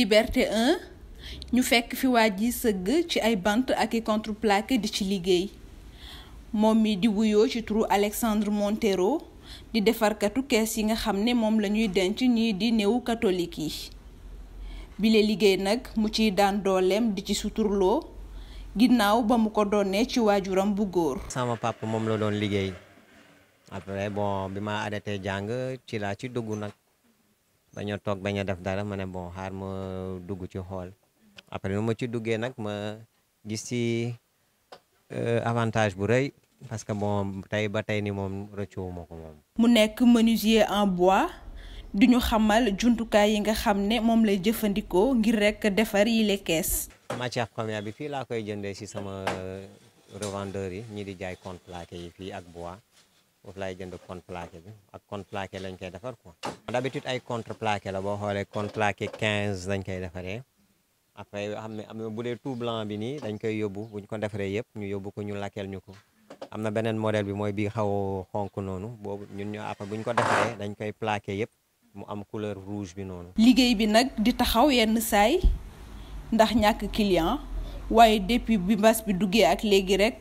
liberté 1 ñu fekk fi waa ji sëgg ci ay bant ak i contreplaqué di ci liggéey moom mi di wuyoo ci turu Alexandre Montero di defarkatu kees yi nga xam ne moom la ñuy denc ñii di néewu katolik yi bile liggéey nag mu ciy daan dooleem di ci suturloo ginnaaw ba mu ko doonee ci waajuram bu góor. sama papa moom la doon liggéey après bon bi ma jàng ci laa ci dugg nag. bañ toog bañ a def dara ma ne bon xaar ma dugg ci xool après nu ma ci duggee nag ma gis ci euh, avantage bu rëy parce que bon tey ba tey ni moom rëccuwuma ko moom. mu nekk menuisier en bois duñu xamal jumtukaay yi nga xam ne moom lay jëfandikoo ngir rek defar yi les kees. matière première bi fii laa koy jëndee ci sama euh, revendeur yi ñii di jaay contre yi fii ak bois. foofu laay jënd contreplaqué bi ak contreplaqué lañ koy defar quoi. d'habitude ay contre contreplaqué la boo xoolee contreplaqué 15 lañ koy defaree après yoo xam ne am na bu dee tout blanc bi nii dañ koy yóbbu bu ñu ko defaree yëpp ñu yóbbu ko ñu lakkeel ñu ko. am na beneen modèle bi mooy bii xaw a xonk noonu boobu ñu ñu après bu ñu ko defaree dañ koy plaqué yëpp mu am couleur rouge bi noonu. liggéey bi nag di taxaw yenn saay ndax ñàkk client waaye depuis bi mbas bi duggee ak léegi rek.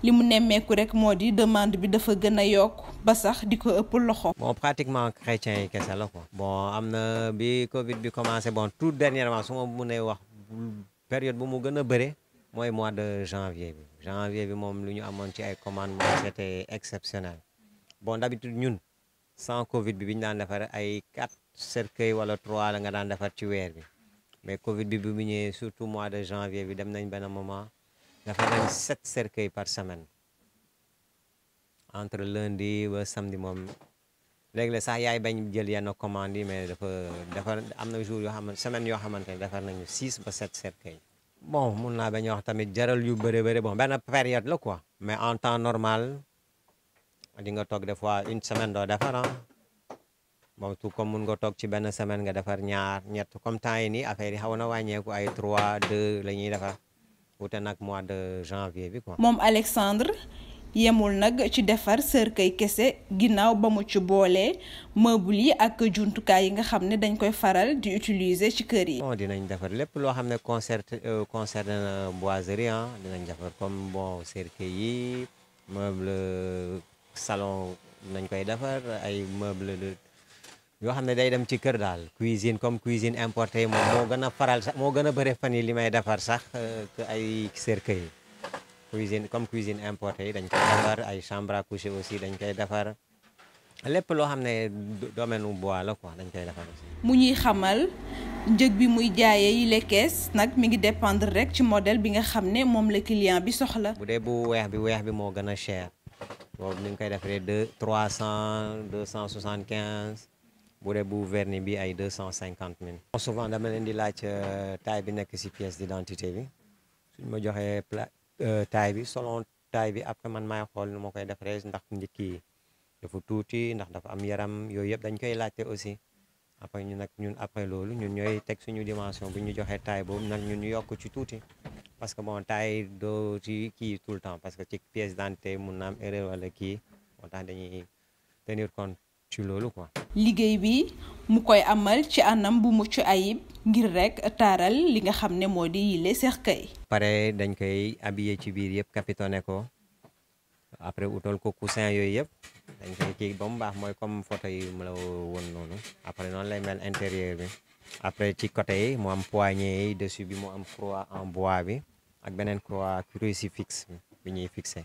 li mu nemmeeku rek moo di demande bi dafa gën a yokk ba sax di ko ëpp loxo. bon pratiquement chrétien yi kese la ko bon am na bi Covid bi commencé bon tout dernièrement su ma ne wax période bu mu gën a bëre mooy mois de janvier bi bi moom lu ñu amoon ci ay commandes moom c'était exceptionnel bon d'habitude ñun sans Covid bi bi ñu daan defar ay quatre cercueils wala trois la nga daan defar ci weer bi mais Covid bi bu mu ñëwee surtout mois de janvier bi dem nañ benn moment. dafa am sept cercueils par semaine entre lundi ba samedi moom léeg-léeg sax yaay bañ jël yenn commande yi mais dafa dafa am na jour yoo xamante semaine yoo xamante ne defar nañu six ba sept cercueils bon mun naa bañ wax tamit jaral yu bëri bëri bon benn période la ko mais en temps normal di nga toog des fois une semaine doo defar ah bon tout comme mun nga toog ci benn semaine nga defar ñaar ñett comme temps yi nii affaire yi xaw na wàññeeku ay trois deux la ñuy defar wute nag mois de janvier bi quoi. moom Alexandre yemul nag ci defar sër kay kese ginnaaw ba mu ci boolee meuble yi ak jumtukaay yi nga xam ne dañ koy faral di utiliser ci kër yi. dinañ defar lépp loo xam ne concert concerne euh, na euh, boiserie ah dinañ defar comme bon cercueil yi meuble salon nañ koy defar ay meuble de yoo xam ne day dem ci kër daal cuisine comme cuisine importée moom moo gën a faral sax moo gën a bëri fan yi li may defar sax euh, que ay cercueil yi cuisine comme cuisine importée yi dañ koy defar ay chambre à coucher aussi dañ koy defar lépp loo xam ne domaine u bois la quoi dañ koy defar aussi. mu ñuy xamal njëg bi muy jaaye yi lekkees nag mi ngi dépendre rek ci modèle bi nga xam ne moom la client bi soxla. bu dee bu weex bi weex bi moo gën a cher boobu ñu ngi koy defaree deux trois cent deux cent soixante quinze. bu dee bu vernis bi ay deux cent cinquante mille. souvent dama leen di laaj euh, taille bi nekk ci pièce d'identité bi suñ ma joxee pla euh, taille bi selon taille bi après man maay xool nu ma koy def rek ndax njëkk yi dafa tuuti ndax dafa am yaram yooyu yëpp dañ koy laajte aussi après ñu nag ñun après loolu ñun ñooy teg suñu dimension bu ñu joxee taille boobu nag ñun ñu yokk ci tuuti parce que bon taille doo ci kii tout le temps parce que ci pièce d'identité mun na am erreur wala kii moo tax dañuy ci loolu ko liggéey bi mu koy amal ci anam bu mucc ayib ngir rek taaral li nga xam ne moo di yile cercueil. pare dañ koy habillé ci biir yëpp capitonné ko après utal ko coussin yooyu yëpp dañ koy kii ba mu baax mooy comme photo yi mu la woon noonu après noonu lay mel intérieur bi. après ci côté yi mu am poignée yi dessus bi mu am croix en bois bi ak beneen croix crucifix bi ñuy fixé.